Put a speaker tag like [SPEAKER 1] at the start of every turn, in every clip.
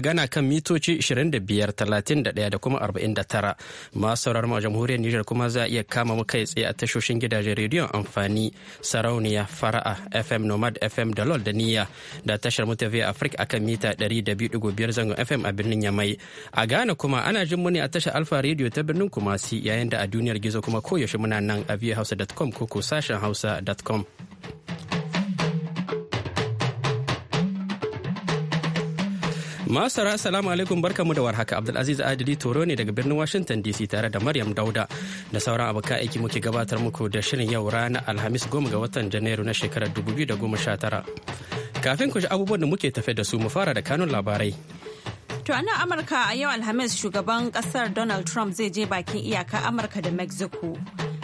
[SPEAKER 1] gana kan mitoci 2531 da kuma 49 masu sauraron a jamhuriyar Nijar kuma za a iya kama mu kai tsaye a tashoshin gidajen rediyon amfani sarauniya fara'a FM Nomad FM da LOL da Niyya da tashar mu via Africa akan mita 200.5 zangon FM a birnin Yamai a gana kuma ana jin muni a tashar Alfa Radio ta birnin Kumasi yayin da a duniyar gizo kuma koyaushe muna nan a viewhouse.com ko ko sashen hausa.com Masara salamu alaikum mu da warhaka Abdulaziz Adili Toro ne daga birnin Washington DC tare da Maryam Dauda da sauran abokan aiki muke gabatar muku da shirin yau ranar Alhamis goma ga watan Janairu na shekarar 2019. Kafin ku ji abubuwan da muke tafe da su mu fara da kanun labarai.
[SPEAKER 2] To a nan Amurka a yau Alhamis shugaban kasar Donald Trump zai je bakin iyaka Amurka da Mexico.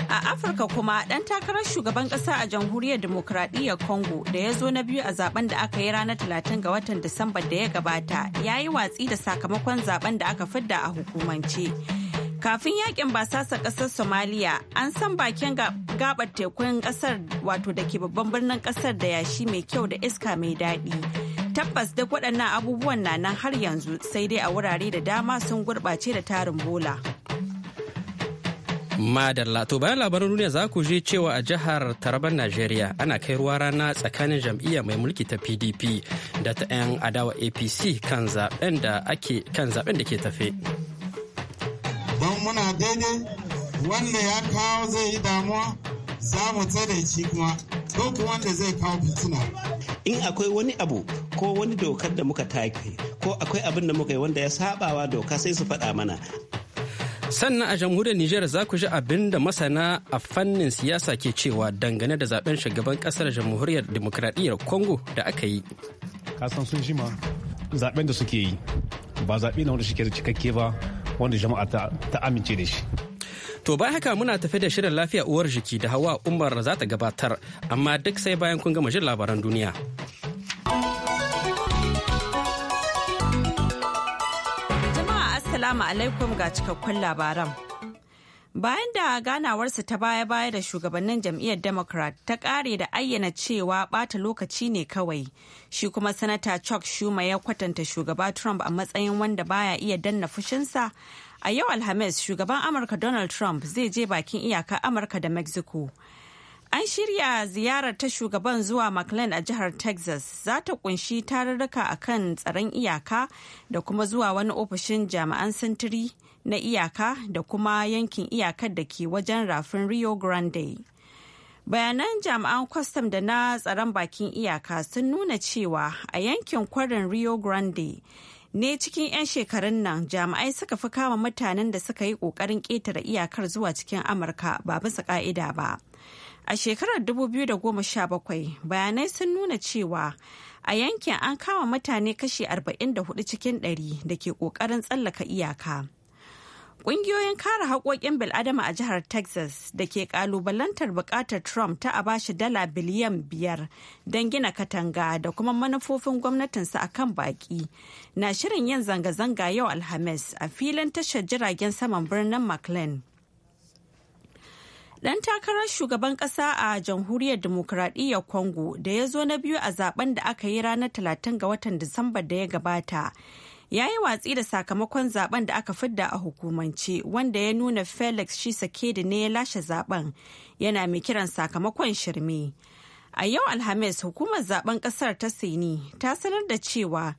[SPEAKER 2] A Afirka kuma ɗan takarar shugaban ƙasa a jamhuriyar demokradiyyar Congo da ya zo na biyu a zaben da aka yi ranar talatin ga watan Disamba da ya gabata ya yi watsi da sakamakon zaben da aka fidda a hukumance. Kafin yakin basasa ƙasar Somalia an san bakin gabar tekun ƙasar wato da ke babban birnin ƙasar da yashi mai kyau da iska mai daɗi. tabbas duk waɗannan abubuwan na nan har yanzu sai dai a wurare da dama sun gurɓace da tarin bola.
[SPEAKER 1] Madalla to bayan labaran duniya za ku je cewa a jihar Taraban Najeriya ana kai ruwa rana tsakanin jam'iyyar mai mulki ta PDP da ta 'yan adawa APC kan zaben da ake kan zaben da ke tafe.
[SPEAKER 3] Don muna daidai wanda ya kawo zai yi damuwa za mu tsare shi kuma duk wanda zai kawo fitina.
[SPEAKER 4] In akwai wani abu ko wani dokar da muka take ko akwai abin da muka yi wanda ya sabawa doka sai su faɗa mana
[SPEAKER 1] sannan a jamhuriyar Nijar za ku ji abin da masana a fannin siyasa ke cewa dangane da zaben shugaban kasar jamhuriyar demokradiyyar Congo da aka yi.
[SPEAKER 5] Kasan sun shima zaben da suke yi ba zaɓe na wanda shi ke cikakke ba wanda jama'a ta amince da shi.
[SPEAKER 1] To bai haka muna tafi da shirin lafiya uwar jiki da hawa umar za ta gabatar amma duk sai bayan kun gama jin labaran duniya.
[SPEAKER 2] Assalamu alaikum ga cikakkun labaran. Bayan da ganawarsa ta baya-baya da shugabannin jam'iyyar Democrat ta kare da ayyana cewa bata lokaci ne kawai, shi kuma Sanata Chuck Schumer ya kwatanta shugaba Trump a matsayin wanda baya iya danna fushinsa. A yau Alhamis, shugaban Amurka Donald Trump zai je bakin iyaka Amurka da Mexico. An shirya ziyarar ta shugaban zuwa McLean a jihar Texas za ta kunshi tarurruka a kan tsaron iyaka da kuma zuwa wani ofishin jami'an sintiri na iyaka da kuma yankin iyakar da ke wajen rafin Rio Grande. Bayanan jami'an kwastam da na tsaron bakin iyaka sun nuna cewa a yankin kwarin Rio Grande ne cikin 'yan shekarun nan jami'ai suka fi kama mutanen da suka yi ƙoƙarin ƙetare iyakar zuwa cikin Amurka ba bisa ƙa'ida ba. A shekarar 2017 bayanai sun nuna cewa a yankin an kama mutane kashi 44 cikin 100 da ke ƙoƙarin tsallaka iyaka. Ƙungiyoyin kare haƙoƙin bil'adama a jihar Texas da ke ƙalubalantar buƙatar Trump ta a bashi dala biliyan biyar don gina katanga da kuma manufofin gwamnatinsa a kan baƙi na shirin yin zanga-zanga yau Alhamis a filin tashar jiragen saman birnin McLean. Dan takarar shugaban kasa a jamhuriyar demokuraɗiyyar Congo da ya zo na biyu a zaben da aka yi ranar talatin ga watan Disamba da ya gabata. Ya yi watsi da sakamakon zaben da aka fidda a hukumance wanda ya nuna Felix shi Sakedi ne ya lashe zaben yana mai kiran sakamakon shirme. A yau Alhamis hukumar zaben kasar ta Sini ta sanar da cewa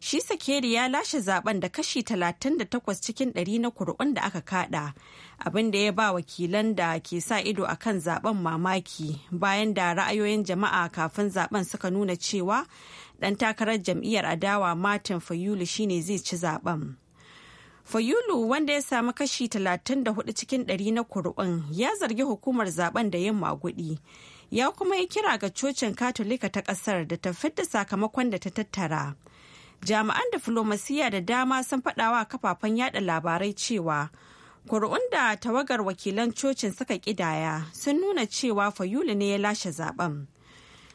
[SPEAKER 2] shi sakeri ya lashe zaben da kashi 38 cikin 100 na kuri'un da aka kada abin da ya ba wakilan da ke sa ido a kan zaben mamaki bayan da ra'ayoyin jama'a kafin zaben suka nuna cewa dan takarar jam'iyyar adawa martin fayulu shine zai ci zaben fayulu wanda ya samu kashi 34 cikin 100 na kuri'un ya zargi hukumar zaben da yin maguɗi, ya kuma yi kira ga cocin katolika ta ƙasar da ta fidda sakamakon da ta tattara jami'an diflomasiyya da dama sun faɗawa kafafen yada labarai cewa kuri'un da tawagar wakilan cocin suka kidaya sun nuna cewa fayulu ne ya lashe zaben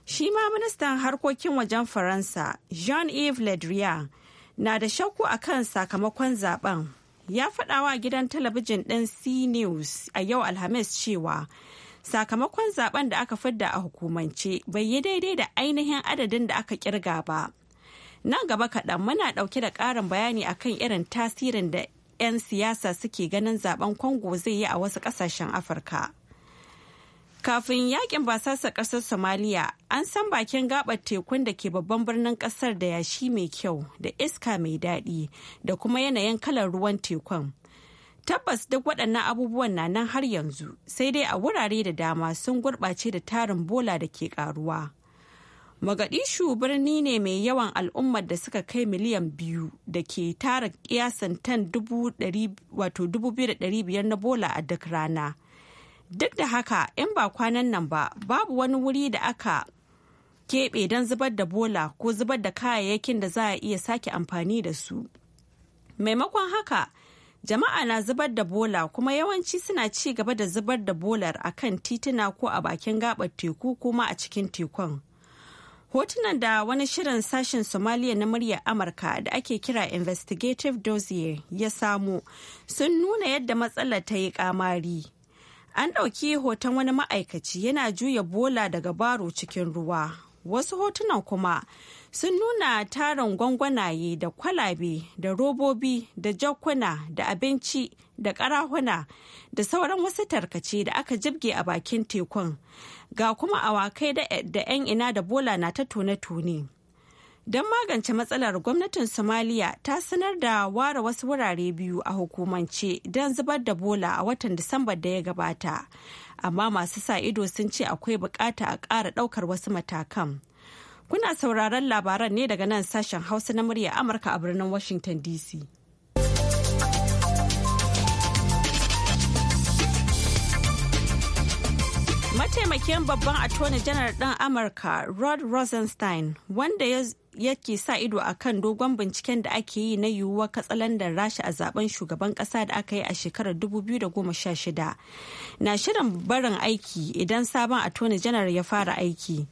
[SPEAKER 2] shi ma ministan harkokin wajen faransa jean-yves le na da shakku a kan sakamakon zaben ya faɗawa gidan talabijin ɗin c-news a yau alhamis cewa sakamakon zaben da aka fidda a hukumance bai yi daidai da ainihin adadin da aka kirga ba Nan gaba kaɗan muna ɗauke da ƙarin bayani akan irin tasirin da 'yan siyasa suke ganin zaben kwango zai yi a wasu ƙasashen Afirka. Kafin yakin basasa ƙasar Somaliya, an san bakin gabar tekun da ke babban birnin ƙasar da yashi mai kyau da iska mai daɗi da kuma yanayin kalar ruwan tekun. Tabbas duk waɗannan abubuwan na nan har yanzu, sai dai a wurare da dama sun gurɓace da tarin bola da ke ƙaruwa. Mogadishu birni ne mai yawan al'ummar da suka kai miliyan biyu da ke tara kiyasan tan biyar na bola a duk rana. Duk da haka, in ba kwanan nan ba, babu wani wuri da aka keɓe don zubar da bola ko zubar da kayayyakin da za a iya sake amfani da su. Maimakon haka, jama'a na zubar da bola kuma yawanci suna ci gaba da zubar da bolar a kan tituna ko a bakin gabar teku kuma a cikin tekun. hotunan da wani shirin sashen somaliya na muryar amurka da ake kira investigative dossier ya samu sun nuna yadda matsalar ta yi kamari an ɗauki hoton wani ma'aikaci yana juya bola daga baro cikin ruwa wasu hotunan kuma sun nuna tarin gwangwanaye da kwalabe da robobi da jakuna da abinci da karahuna da sauran wasu tarkace da aka jibge a bakin tekun ga kuma awakai da 'yan ina da bola na ta tone-tone. Don magance matsalar gwamnatin Somaliya ta sanar da ware wasu wurare biyu a hukumance don zubar da bola a watan Disambar da ya gabata. Amma masu sa ido sun ce akwai bukata a ƙara ɗaukar wasu matakan. Kuna sauraron labaran ne daga nan sashen Hausa na murya Amurka a birnin Washington DC. mataimakin babban attorney general ɗan amurka rod rosenstein wanda yake sa ido a kan dogon binciken da ake yi na yiwuwar katsalandar rasha a zaben shugaban kasa da aka yi a shekarar 2016 na shirin barin aiki idan sabon attorney general ya fara aiki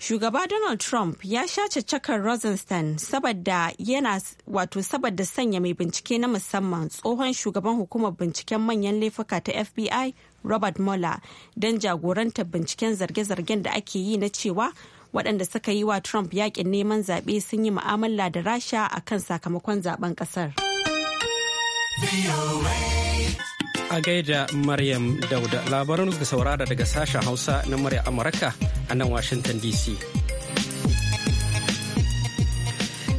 [SPEAKER 2] shugaba donald trump ya sha cakar rosenstein saboda yana wato saboda sanya mai bincike na musamman tsohon shugaban hukumar binciken manyan laifuka ta fbi Robert Mueller don jagorantar binciken zarge-zargen da ake yi na cewa waɗanda suka yi wa Trump yakin neman zaɓe sun yi mu'amala da Rasha a kan sakamakon zaben ƙasar.
[SPEAKER 1] A gaida Maryam Dauda labarin suka saurara daga sashen Hausa na murya Amurka a nan Washington DC.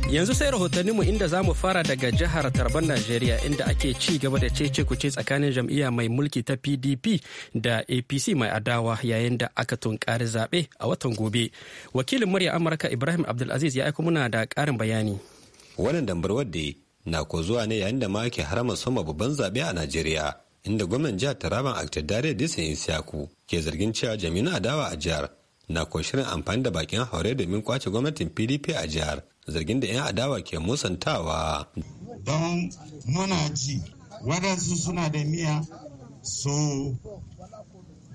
[SPEAKER 1] Yanzu sai mu inda za mu fara daga jihar Tarban Najeriya inda ake ci gaba da cece kuce tsakanin jam'iyya mai mulki ta PDP da APC mai adawa yayin da aka tunkari zaɓe a watan gobe. Wakilin murya Amurka Ibrahim Abdulaziz ya aiko muna da ƙarin bayani.
[SPEAKER 6] Wannan dambar da na ko zuwa ne yayin da ma ake harama soma babban zaɓe a Najeriya inda gwamnan jihar Taraban Dare Disa insiyaku ke zargin cewa jami'an adawa a jihar na ko shirin amfani da bakin haure domin kwace gwamnatin PDP a jihar zargin da 'yan adawa ke musantawa
[SPEAKER 3] don muna ji waɗansu suna da miya so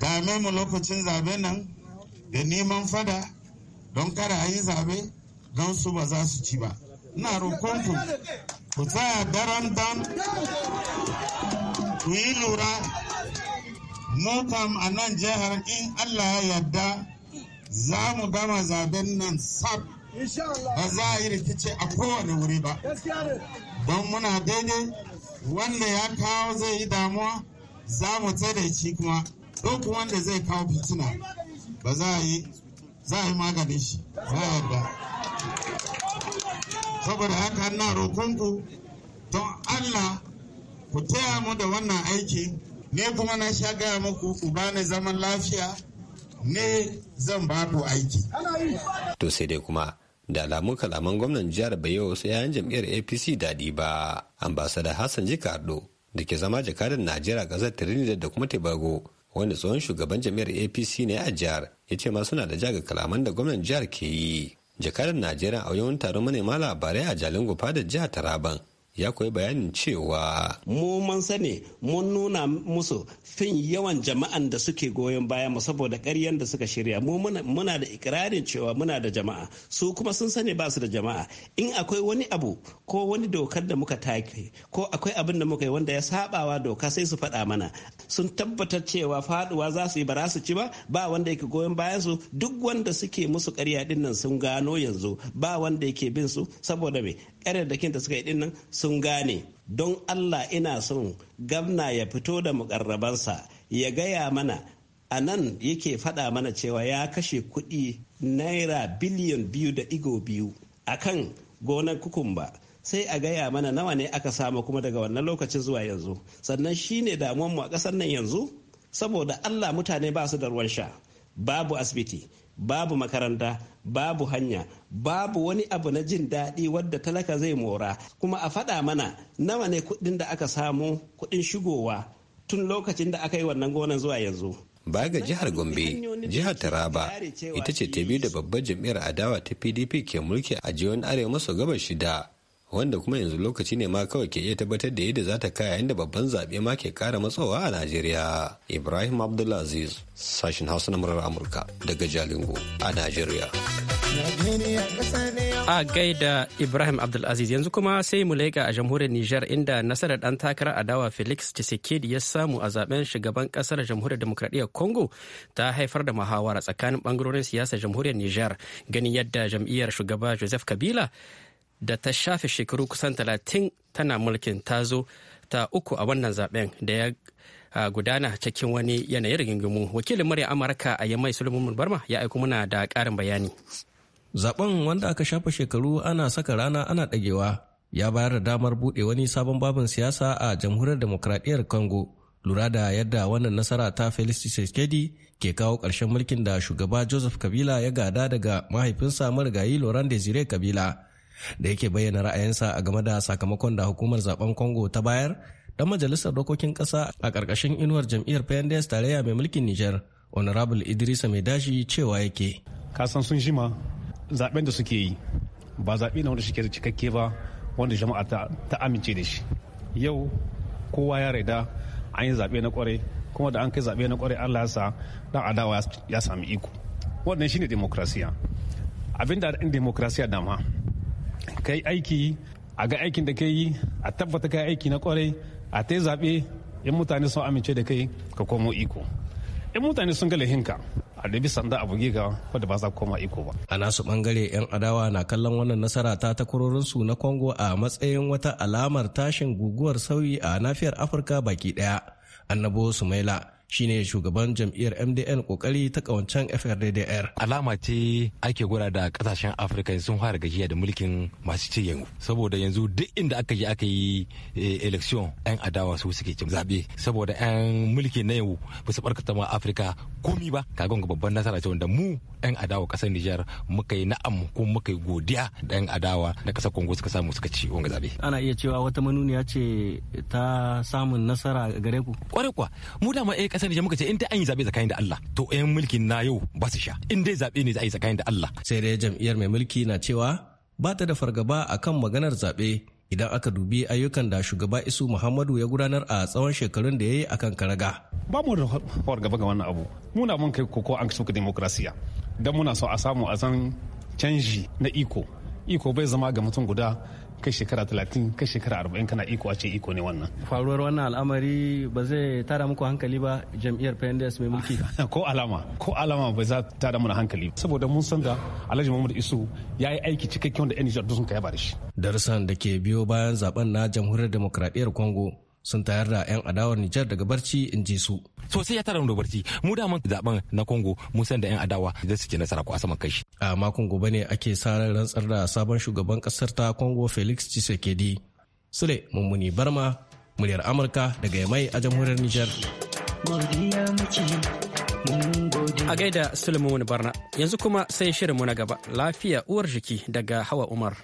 [SPEAKER 3] dame mu lokacin zabe nan da neman fada don kada a yi zabe don su ba za su ci ba ina roƙonku ku tsaya daren dan ku yi lura motam a nan jihar in allah ya yarda za mu gama zaben nan sab ba za a yi rikici a kowane wuri ba don muna daidai wanda ya kawo zai yi damuwa za mu tsare shi kuma duk wanda zai kawo fitina ba za a yi za a yi maganin shi ba yarda saboda haka na roƙonku don allah ku taya mu da wannan aiki ne kuma na sha gaya muku ku bani zaman lafiya ne zan ba aiki.
[SPEAKER 6] To sai dai kuma da alamun kalaman gwamnan jihar bai sai wasu jam'iyyar APC daɗi ba. Ambasada Hassan Jikardo da ke zama jakadan Najeriya ƙasar Trinidad da kuma Tobago wanda tsohon shugaban jam'iyyar APC ne a jihar ya ce ma suna da jaga kalaman da gwamnan jihar ke yi. Jakadan Najeriya a yawan taron manema labarai a Jalingo fadar jihar Taraban
[SPEAKER 4] ya koyi bayanin cewa mu mun sani mun nuna musu fin yawan jama'an da suke goyon baya mu saboda ƙaryan da suka shirya mu muna da ikirarin cewa muna da jama'a su kuma sun sani ba su da jama'a in akwai wani abu ko wani dokar da muka take ko akwai abin da muka yi wanda ya sabawa doka sai su faɗa mana sun tabbatar cewa faduwa za su yi ba su ci ba ba wanda yake goyon bayan su duk wanda suke musu ƙarya dinnan sun gano yanzu ba wanda yake bin su saboda me ƙarar da kinta suka yi dinnan sun gane don allah ina son gamna ya fito da mukarrabansa ya gaya mana a nan yake faɗa mana cewa ya kashe kuɗi naira biliyan biyu da igo biyu a kan gonar kukumba sai a gaya mana nawa ne aka samu kuma daga wannan lokacin zuwa yanzu sannan shi ne damuwanmu a ƙasar nan yanzu saboda allah mutane ba su da ruwan sha babu asibiti babu makaranta babu hanya babu wani abu na jin daɗi wadda talaka zai mora kuma a faɗa mana nawa ne kuɗin da aka samu kuɗin shigowa tun lokacin da aka yi wannan gonan zuwa yanzu baya ga jihar gombe jihar taraba ita ce ta biyu da babbar
[SPEAKER 6] jam'iyyar adawa ta pdp ke mulki a arewa maso gabas shida wanda kuma yanzu lokaci ne ma kawai ke iya tabbatar da yadda za ta kaya inda babban zaɓe ma ke kara matsawa a Najeriya. Ibrahim Abdulaziz, sashen Hausa na murar Amurka daga Jalingo a Najeriya.
[SPEAKER 1] A gaida Ibrahim Abdulaziz yanzu kuma sai mu laika a jamhuriyar Nijar inda nasarar ɗan takarar adawa Felix Tshisekedi ya samu a zaben shugaban ƙasar jamhuriyar demokradiyyar Congo ta haifar da muhawara tsakanin ɓangarorin siyasar jamhuriyar Nijar ganin yadda jam'iyyar shugaba Joseph Kabila da ta shafe shekaru kusan talatin tana mulkin ta zo ta uku a wannan zaben da ya gudana cikin wani yanayin rigingimu wakilin murya amurka a yamai sulaiman barma ya aiko muna da karin bayani
[SPEAKER 7] zaben wanda aka shafa shekaru ana saka rana ana dagewa ya bayar da damar bude wani sabon babin siyasa a jamhuriyar demokradiyyar congo lura da yadda wannan nasara ta felicity tshisekedi ke kawo karshen mulkin da shugaba joseph kabila ya gada daga mahaifinsa marigayi laurent desire kabila da yake bayyana ra'ayinsa a game da sakamakon da hukumar zaben congo ta bayar dan majalisar dokokin kasa a ƙarƙashin inuwar jam'iyyar pnds tarayya mai mulkin niger honorable idrisa mai dashi cewa yake kasan sun shima
[SPEAKER 5] zaben da suke yi ba zaɓe na wanda shike cikakke ba wanda jama'a ta amince da shi yau kowa ya raida an yi zaɓe na kware kuma da an kai zaɓe na kware allah dan adawa ya sami iko wannan shine demokrasiya abinda da demokrasiya dama kai aiki a ga aikin da ka yi a tabbata kai aiki na kwarai a ta zaɓe in mutane sun amince da kai ka komo iko in mutane sun ga lahinka a da sanda a buge ga wadda ba za ku koma iko ba.
[SPEAKER 7] A nasu bangare 'yan adawa na kallon wannan nasara ta su na Congo a matsayin wata alamar tashin guguwar sauyi a nafiyar Afirka baki daya. Annabo Sumaila shine shugaban jam'iyyar mdn kokari ta kawancen frddr alama ce ake gwada da kasashen afirka sun fara gajiya da mulkin masu ci yanzu saboda yanzu duk inda aka yi aka yi eh, election yan adawa su suke cin zabe saboda yan mulki na yau ba su barkata ma afirka komi ba kaga babban nasara ce wanda mu yan adawa kasar nijar muka yi na'am ko muka yi godiya da yan adawa da kasar congo suka samu suka ci wanga zabe ana iya cewa wata manuniya ce ta samun nasara gare ku kwarai kuwa mu dama eh kasar muka ce in dai an yi zaɓe tsakanin da Allah to 'yan mulkin na yau ba su sha in dai zaɓe ne za a yi tsakanin da Allah. Sai dai jam'iyyar mai mulki na cewa ba ta da fargaba akan maganar zaɓe idan aka dubi ayyukan da shugaba isu muhammadu ya gudanar a tsawon shekarun da ya yi akan karaga ba mu da
[SPEAKER 5] fargaba ga wannan abu muna mun kai koko an suka demokrasiya don muna so a samu a san canji na iko iko bai zama ga mutum guda kai shekara talatin kai shekara arba'in kana iko a ce iko ne wannan
[SPEAKER 7] faruwar wannan al'amari ba zai tara muku hankali ba
[SPEAKER 5] jam'iyyar pnds mai mulki ko alama ko alama ba za ta tara muna hankali saboda mun san da alhaji Muhammadu isu ya yi aiki cikakken da yan nijar sun kai ba da shi
[SPEAKER 7] darasan da ke biyo bayan zaben na jamhuriyar demokradiyyar Kongo. sun tayar da 'yan adawar Nijar daga barci in ji su. sosai sai ya tara da barci mu da zaben na Congo mun san da 'yan adawa da suke nasara ko a saman kashi. A makon gobe ne ake sa ran rantsar da sabon shugaban kasar ta Congo Felix Tshisekedi.
[SPEAKER 1] Sule Mummuni Barma muryar Amurka daga Yamai a jamhuriyar Nijar. A gaida wani Barna yanzu kuma sai shirinmu na gaba lafiya uwar jiki daga Hawa Umar.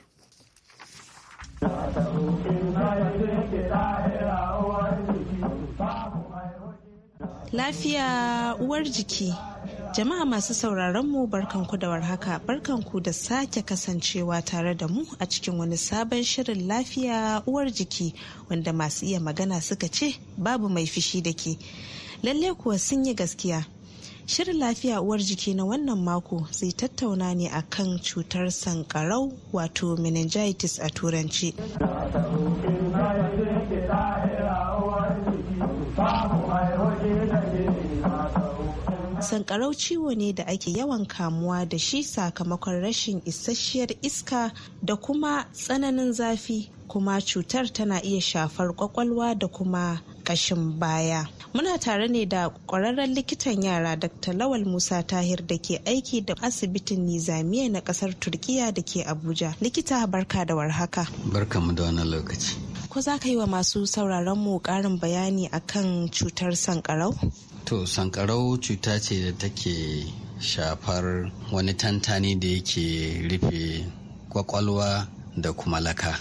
[SPEAKER 8] Lafiya uwar jiki. Jama'a masu sauraron mu barkanku da warhaka barkanku da sake kasancewa tare da mu a cikin wani sabon shirin lafiya uwar jiki wanda masu iya magana suka ce babu mai fishi da ke. Lalle kuwa sun yi gaskiya. Shirin lafiya uwar jiki na wannan mako zai tattauna ne akan cutar sankarau wato meningitis a turanci. sankarau ciwo ne da ake yawan kamuwa da shi sakamakon rashin isasshiyar iska da kuma tsananin zafi kuma cutar tana iya shafar kwakwalwa da kuma kashin baya. Muna tare ne da kwararren likitan yara Dr. Lawal Musa Tahir da ke aiki da asibitin Nizamiya na kasar Turkiya da ke Abuja. Likita barka da warhaka.
[SPEAKER 9] Barka mu da wannan lokaci.
[SPEAKER 8] Ko za ka yi wa masu sauraron mu ƙarin bayani akan cutar sankarau?
[SPEAKER 9] To sankarau cuta ce da take shafar wani tantani da yake rufe kwakwalwa da kuma laka.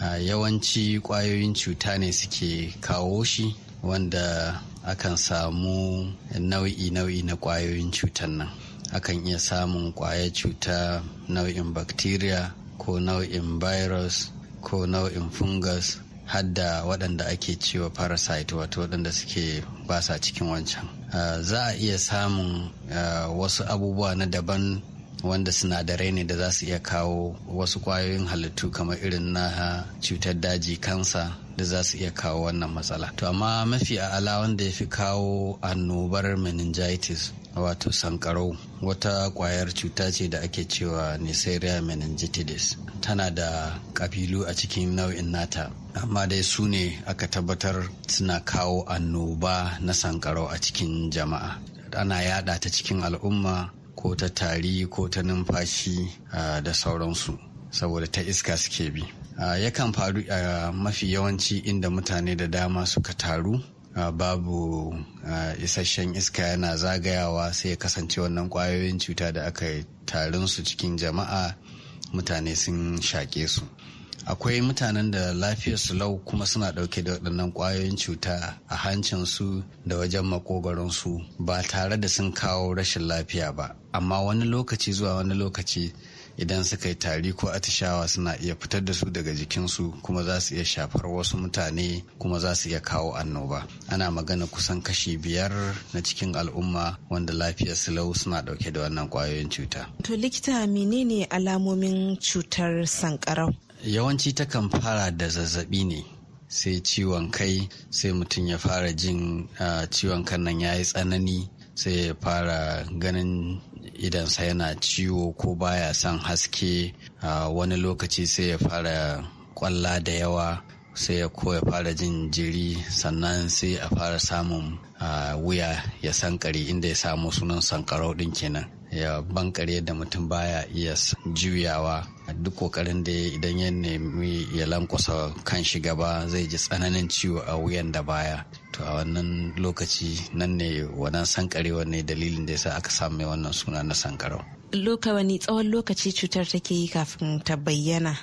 [SPEAKER 9] a Yawanci kwayoyin cuta ne suke kawo shi wanda akan samu nau'i-nau'i na kwayoyin cutan nan. Akan iya samun kwayar cuta nau'in bacteria ko nau'in virus ko nau'in fungus hadda waɗanda ake cewa parasite wato waɗanda suke basa cikin wancan ah, za a iya samun ah, wasu abubuwa na daban wanda sinadarai ne da za su iya kawo wasu kwayoyin halittu kamar irin na cutar daji kansa da za su iya kawo wannan matsala. To amma mafi a'ala wanda ya fi kawo annobar meningitis wato sankarau wata kwayar cuta ce da ake cewa neisseria meningitis tana da kabilu a cikin nau'in nata amma dai su ne aka tabbatar suna kawo annoba na sankarau a cikin jama'a ana yada ta cikin al'umma ko ta tari ko ta numfashi da sauransu saboda ta iska suke bi yakan faru a mafi yawanci inda mutane da dama suka taru Ah, babu ah, isasshen iska yana zagayawa sai ya kasance wannan kwayoyin cuta da aka tarin su cikin jama'a mutane sun shaƙe su akwai mutanen da lafiyarsu lau kuma suna ɗauke da waɗannan ƙwayoyin cuta a hancinsu da wajen su ba tare da sun kawo rashin lafiya ba amma wani lokaci zuwa wani lokaci idan suka yi tari ko atishawa suna iya fitar da su daga jikinsu kuma za su iya shafar wasu mutane kuma za su iya kawo annoba ana magana kusan kashi biyar na cikin al'umma wanda lafiyar silau suna dauke da wannan kwayoyin cuta
[SPEAKER 8] to likita menene alamomin cutar sankarau
[SPEAKER 9] yawanci takan fara da zazzabi ne sai ciwon kai sai mutum ya fara jin ah, ciwon kan nan ya yi tsanani sai ya fara ganin idansa yana ciwo ko baya son haske a wani lokaci sai ya fara kwalla da yawa sai ya koya fara jin jiri sannan sai a fara samun wuya ya sankare inda ya samu sunan sankarau din kenan ya bankare da mutum baya iya juyawa duk kokarin da idan ya nemi ya lankwasa kan shi gaba zai ji tsananin ciwo a wuyan da baya to a wannan lokaci nan ne wannan sankarewa ne dalilin da yasa aka samu wannan suna na sankarau
[SPEAKER 8] loka wani tsawon lokaci cutar take yi kafin ta bayyana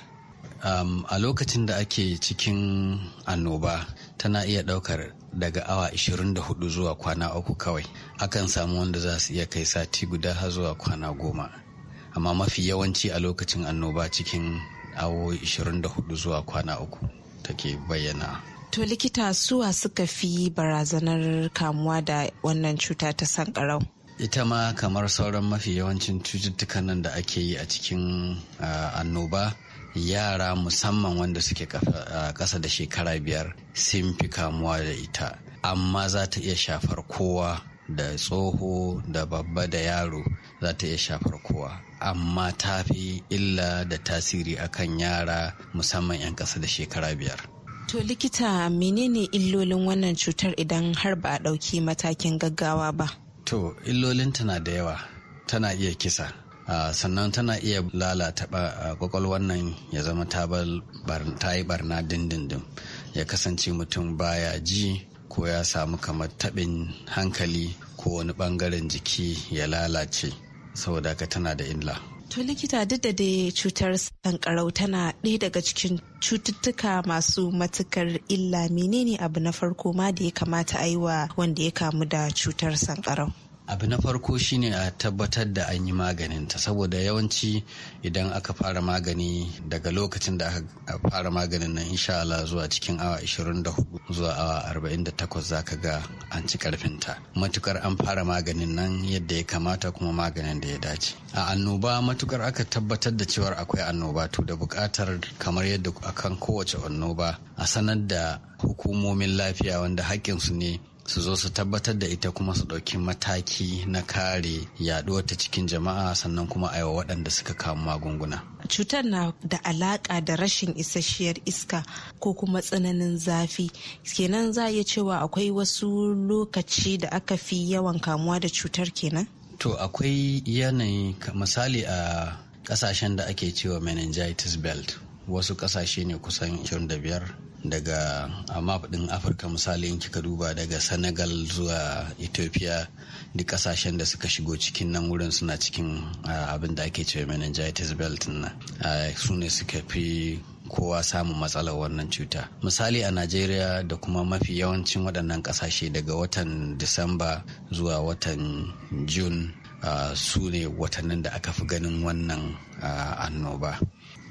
[SPEAKER 9] um, a lokacin da ake cikin annoba tana iya ɗaukar daga awa 24 zuwa kwana uku kawai akan samu wanda za su iya kai sati guda har zuwa kwana goma amma mafi yawanci a lokacin annoba cikin awo 24 zuwa kwana uku take bayyana
[SPEAKER 8] to likita suwa suka fi barazanar kamuwa da wannan cuta ta sankarau
[SPEAKER 9] ita ma kamar sauran mafi yawancin cututtukan nan da ake yi a cikin ah, annoba yara musamman wanda suke kasa da shekara biyar sun fi kamuwa da ita amma za ta iya shafar kowa da tsoho da babba da yaro za ta iya shafar kowa amma ta fi illa da tasiri akan yara musamman 'yan kasa da shekara biyar
[SPEAKER 8] To likita menene illolin wannan cutar idan har ba a ɗauki matakin gaggawa ba?
[SPEAKER 9] To illolinta na da yawa tana iya kisa Ah, sannan tana iya lalata ah, kwakwalwar nan ya zama ta yi barna dindindin ya kasance mutum baya ji ko ya samu kamar taɓin hankali ko wani ɓangaren jiki ya lalace saboda haka tana da illa.
[SPEAKER 8] To likita duk da dai cutar sankarau tana ɗaya daga cikin cututtuka masu matukar illa menene abu na farko ma da ya kamata a yi wa wanda ya kamu da cutar sankarau?
[SPEAKER 9] abu na farko shine a tabbatar da an yi maganin ta saboda yawanci idan aka fara magani daga lokacin da aka fara maganin nan insha Allah zuwa cikin awa 24 zuwa awa 48 zaka ga an ci karfin ta matukar an fara maganin nan yadda ya kamata kuma maganin da ya dace a annoba matukar aka tabbatar da cewar akwai annoba to da bukatar kamar yadda akan kowace annoba a sanar da hukumomin lafiya wanda haƙƙinsu ne su zo su tabbatar da ita kuma su ɗauki mataki na kare yaɗuwar ta cikin jama'a sannan kuma a yawa waɗanda suka kamu magunguna.
[SPEAKER 8] Cutar na da alaƙa da rashin isasshiyar iska ko kuma tsananin zafi. Kenan za a iya cewa akwai wasu lokaci da aka fi yawan kamuwa da cutar kenan?
[SPEAKER 9] To akwai yanayi misali a ƙasashen da ake cewa meningitis belt wasu ƙasashe ne kusan 25 daga a map din afirka misali in kika duba daga senegal zuwa ethiopia duk kasashen da suka shigo cikin nan wurin suna cikin abin da ake cewa meningitis belt na su ne suka fi kowa samun matsalar wannan cuta misali a najeriya da kuma mafi yawancin waɗannan kasashe daga watan disamba zuwa watan june su ne watannin da aka fi ganin wannan annoba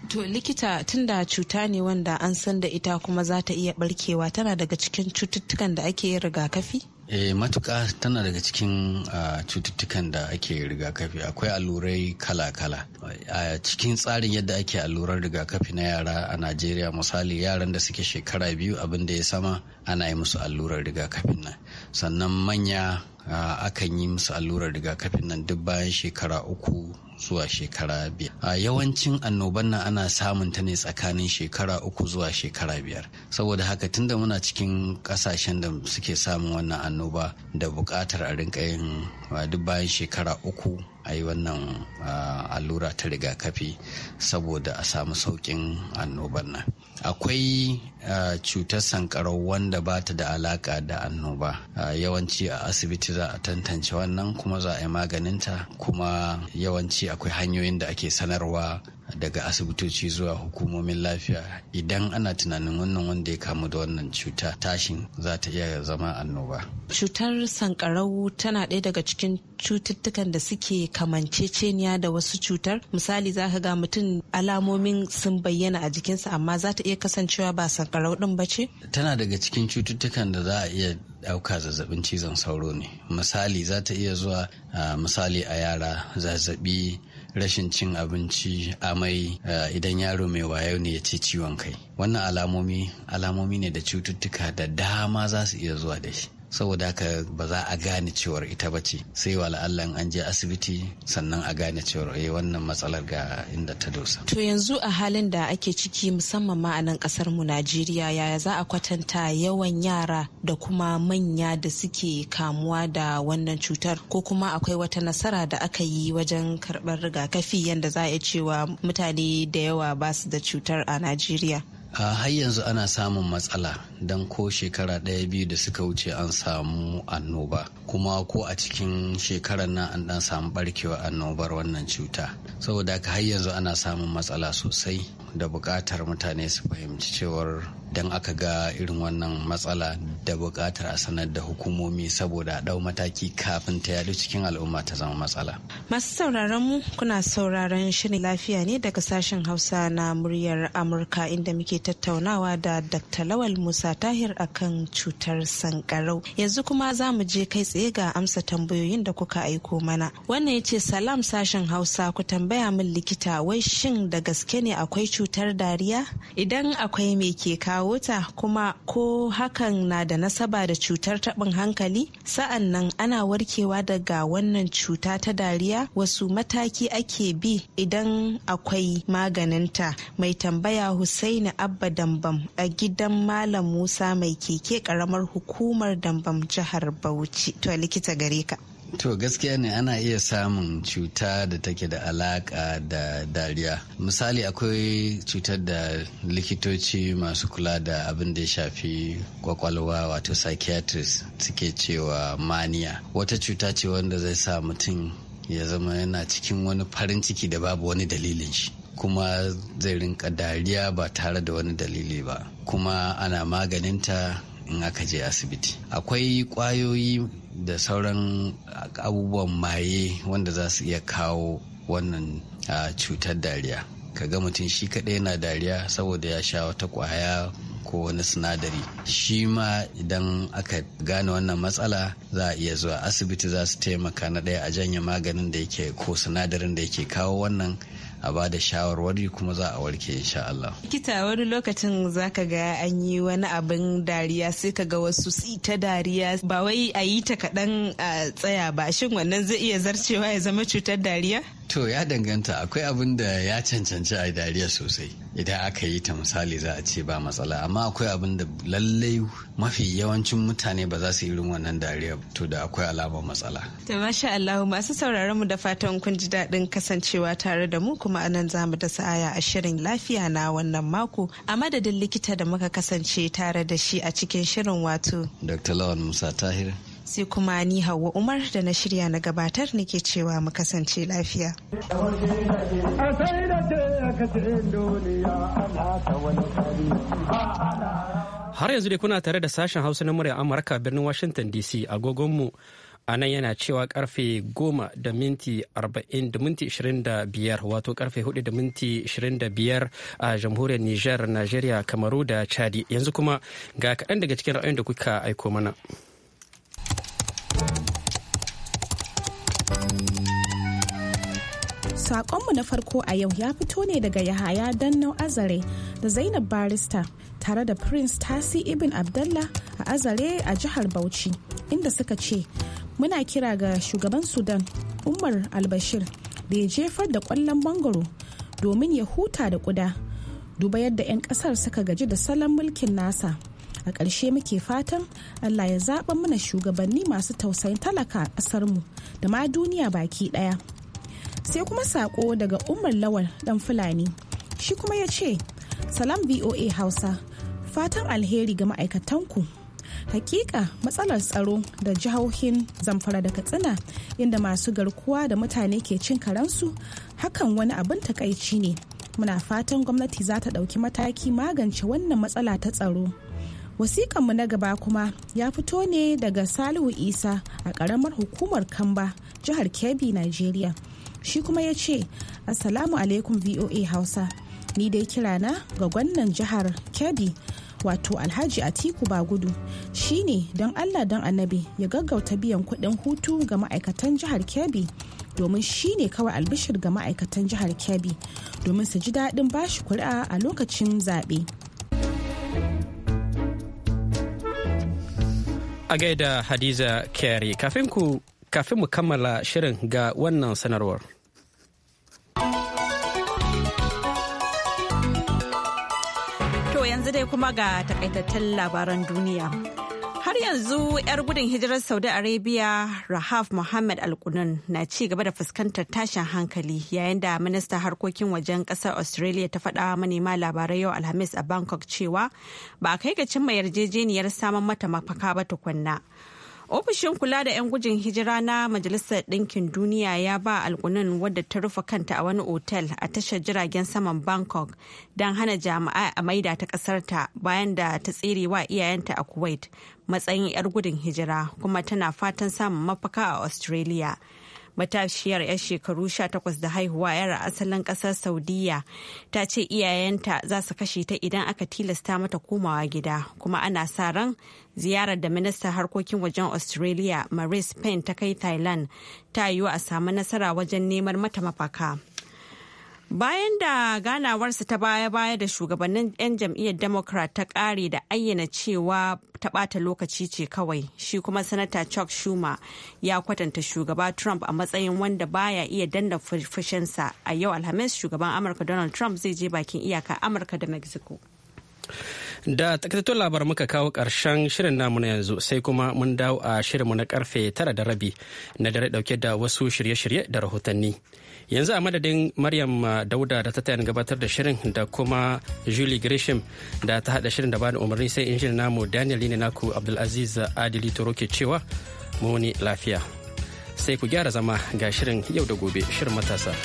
[SPEAKER 8] To likita tunda cuta ne wanda an san da ita kuma za ta iya barkewa tana daga cikin cututtukan da ake rigakafi?
[SPEAKER 9] E, eh, matuka tana daga cikin cututtukan da ake rigakafi akwai allurai kala-kala a cikin tsarin yadda ake allurar rigakafi na yara a najeriya misali yaran da suke shekara biyu abin da ya sama ana yi musu allurar rigakafin nan sannan manya akan yi musu allurar rigakafin nan duk bayan shekara uku zuwa shekara biyar. A yawancin annoban nan ana samun ta ne tsakanin shekara uku zuwa shekara biyar. Saboda haka tunda muna cikin kasashen da suke samun wannan annoba da buƙatar a rinka yin duk bayan shekara uku a yi wannan ah, allura ta rigakafi saboda a samu sauƙin annobar nan akwai ah, cutar sankarau wanda ba ta da alaka da annoba ah, yawanci a asibiti za a tantance wannan kuma za a yi maganinta kuma yawanci akwai hanyoyin da ake sanarwa daga asibitoci zuwa hukumomin lafiya idan ana tunanin wannan wanda ya kamu da wannan cuta tashin za ta iya zama annoba.
[SPEAKER 8] Cutar sankarau tana ɗaya daga cikin cututtukan da suke kamanceceniya da wasu cutar misali za ka ga mutum alamomin sun bayyana a jikinsa amma za ta iya kasancewa ba sankarau ɗin ba ce?
[SPEAKER 9] Tana daga cikin cututtukan da za a iya ɗauka zazzabin cizon sauro ne misali za ta iya zuwa ah, misali a yara zazzabi rashin cin abinci amai eh, idan yaro mai wayo ne ya ce ciwon kai wannan alamomi alamomi ne da cututtuka da dama za su iya zuwa da shi saboda haka ba za a gane cewar ita ba ce sai wa la'allan an je asibiti sannan a gane cewar eh wannan matsalar ga inda ta dosa
[SPEAKER 8] to yanzu a halin da ake ciki musamman ma a nan kasar mu Najeriya yaya za a kwatanta yawan yara da kuma manya da suke kamuwa da wannan cutar ko kuma akwai wata nasara da aka yi wajen karɓar rigakafi yadda za a iya cewa mutane da yawa ba su da cutar a Najeriya
[SPEAKER 9] har yanzu ana samun matsala don ko shekara ɗaya biyu da suka wuce an samu annoba kuma ko a cikin shekarar nan an dan samu barkewa annobar wannan cuta saboda haka har yanzu ana samun matsala sosai da buƙatar mutane su fahimci cewar don aka ga irin wannan matsala da buƙatar a sanar da hukumomi saboda a ɗau mataki kafin ta yadu cikin al'umma ta zama matsala.
[SPEAKER 8] Masu sauraron mu kuna sauraron shirin lafiya ne daga sashen Hausa na muryar Amurka inda muke tattaunawa da Dr. Lawal Musa Tahir akan cutar sankarau. Yanzu kuma za mu je kai tsaye ga amsa tambayoyin da kuka aiko mana. Wannan ya ce salam sashen Hausa ku tambaya min likita wai shin da gaske ne akwai cutar cutar dariya idan akwai me ke kawo ta kuma ko hakan na da nasaba da cutar taɓin hankali sa'an nan ana warkewa daga wannan cuta ta dariya wasu mataki ake bi idan akwai maganinta mai tambaya husaini abba dambam a gidan malam musa mai keke karamar hukumar dambam jihar bauchi to likita gare ka
[SPEAKER 9] To gaskiya ne ana iya samun cuta da take da alaka da dariya. Misali akwai cutar da likitoci masu kula da abin da ya shafi kwakwalwa wato psychiatrist suke cewa mania. Wata cuta ce wanda zai sa mutum ya zama yana cikin wani farin ciki da babu wani dalilin shi. kuma zai rinka dariya ba tare da wani dalili ba kuma ana maganinta in aka je asibiti akwai kwayoyi da sauran abubuwan maye wanda za su iya kawo wannan cutar dariya ka ga mutum shi kaɗai yana dariya saboda ya sha wata ƙwaya ko wani sinadari shi ma idan aka gane wannan matsala za a iya zuwa asibiti za su taimaka na ɗaya a janye maganin da yake ko sinadarin da yake kawo wannan a ba da shawarwari kuma za a warke insha Allah.
[SPEAKER 8] Kita wani lokacin za ka ga an yi wani abin dariya sai ka ga wasu si ta dariya ba wai a yi ta kaɗan a tsaya ba shin wannan zai iya zarcewa ya zama cutar dariya?
[SPEAKER 9] To ya danganta akwai abin da ya cancanci a dariya sosai idan aka yi ta misali za a ce ba matsala amma akwai abin da lallai mafi yawancin mutane ba za su irin wannan dariya to da akwai alamar matsala.
[SPEAKER 8] da masha Allah masu sauraron mu da fatan kun ji daɗin kasancewa tare da mu kuma anan za mu da sa'aya a shirin lafiya na wannan mako a madadin likita da muka kasance tare da shi a cikin shirin wato.
[SPEAKER 9] Dr. Lawan Musa Tahir.
[SPEAKER 8] sai kuma ni Hauwa Umar da na shirya na gabatar nake cewa mu kasance lafiya.
[SPEAKER 1] Har yanzu dai kuna tare da sashen Hausa na murya Amurka birnin Washington DC agogonmu a nan yana cewa karfe 10 da minti 40 da minti 25 wato karfe 4 da minti 25 a jamhuriyar Nijar, Najeriya, Kamaru da Chadi. Yanzu kuma ga kaɗan daga cikin ra'ayin da kuka aiko mana.
[SPEAKER 10] Sakonmu na farko a yau ya fito ne daga Yahaya Dannau Azare da Zainab Barista tare da Prince Tasi Ibn Abdallah a Azare a jihar Bauchi inda suka ce muna kira ga shugaban Sudan Umar Albashir da ya jefar da kwallon bangaro domin ya huta da kuda duba yadda 'yan kasar suka gaji da salon mulkin nasa a ƙarshe muke fatan allah ya zaɓa mana shugabanni masu tausayin talaka a ƙasarmu da ma duniya baki ɗaya sai kuma sako daga umar lawal dan fulani shi kuma ya ce salam voa hausa fatan alheri ga ma'aikatanku hakika matsalar tsaro da jihohin zamfara da katsina inda masu garkuwa da mutane ke cin karansu hakan wani abin takaici ne muna fatan gwamnati za ta ɗauki mataki magance wannan matsala ta tsaro wasiƙanmu na gaba kuma ya fito ne daga salihu isa a ƙaramar hukumar kamba jihar kebbi nigeria shi kuma ya ce assalamu alaikum voa hausa ni dai kirana ga gwannan jihar kebbi wato alhaji atiku ba gudu ne don allah don annabi ya gaggauta biyan kuɗin hutu ga ma'aikatan jihar kebbi domin shine kawai albishir ga ma'aikatan jihar kebbi domin su ji daɗin bashi kuri'a a lokacin zaɓe.
[SPEAKER 1] a gaida hadiza kyari kafin ku kafin mu kammala shirin ga wannan sanarwar.
[SPEAKER 2] To yanzu dai kuma ga takaitattun labaran duniya. Har yanzu 'yar gudun hijirar Saudi Arabia Rahaf Mohammed Alkunun na ci gaba da fuskantar tashin hankali yayin da minista harkokin wajen kasar Australia ta faɗa manema labarai yau Alhamis a Bangkok cewa ba a kai ga cimma yarjejeniyar samun mata mafaka ba tukunna. Ofishin kula da 'yan gujin hijira na Majalisar Ɗinkin Duniya ya ba alkunin wadda ta rufe kanta a wani otel a tashar jiragen saman Bangkok don hana jami'a a maida ta ƙasarta bayan da ta tsere wa iyayenta a Kuwait matsayin 'yar gudun hijira kuma tana fatan samun mafaka a Australia. matashiyar 'yar shekaru 18 da haihuwa 'yar asalin kasar saudiya ta ce iyayenta za su kashe ta idan aka tilasta mata komawa gida kuma ana sa ran ziyarar da ministan harkokin wajen australia maris payne ta kai thailand ta yiwu a samu nasara wajen neman mata mafaka. Bayan da ganawarsa ta baya-baya da shugabannin 'yan jam'iyyar Democrat ta ƙare da ayyana cewa ta ɓata lokaci ce kawai, shi kuma Sanata Chuck Schumer ya kwatanta shugaba Trump a matsayin wanda baya iya danda fushinsa. A yau Alhamis shugaban Amurka Donald Trump zai je bakin iyaka Amurka da Mexico.
[SPEAKER 1] Da takaitattun labar muka kawo ƙarshen shirin namu na yanzu sai kuma mun dawo a shirinmu na karfe tara da rabi na dare dauke da wasu shirye-shirye da rahotanni. yanzu a madadin maryam uh, dauda da ta tayan gabatar da shirin da kuma julie gresham da ta hada shirin da bani umarni sai injin namu daniel ne naku abdulaziz adili toro ke cewa muni lafiya sai ku gyara zama ga shirin yau da gobe shirin matasa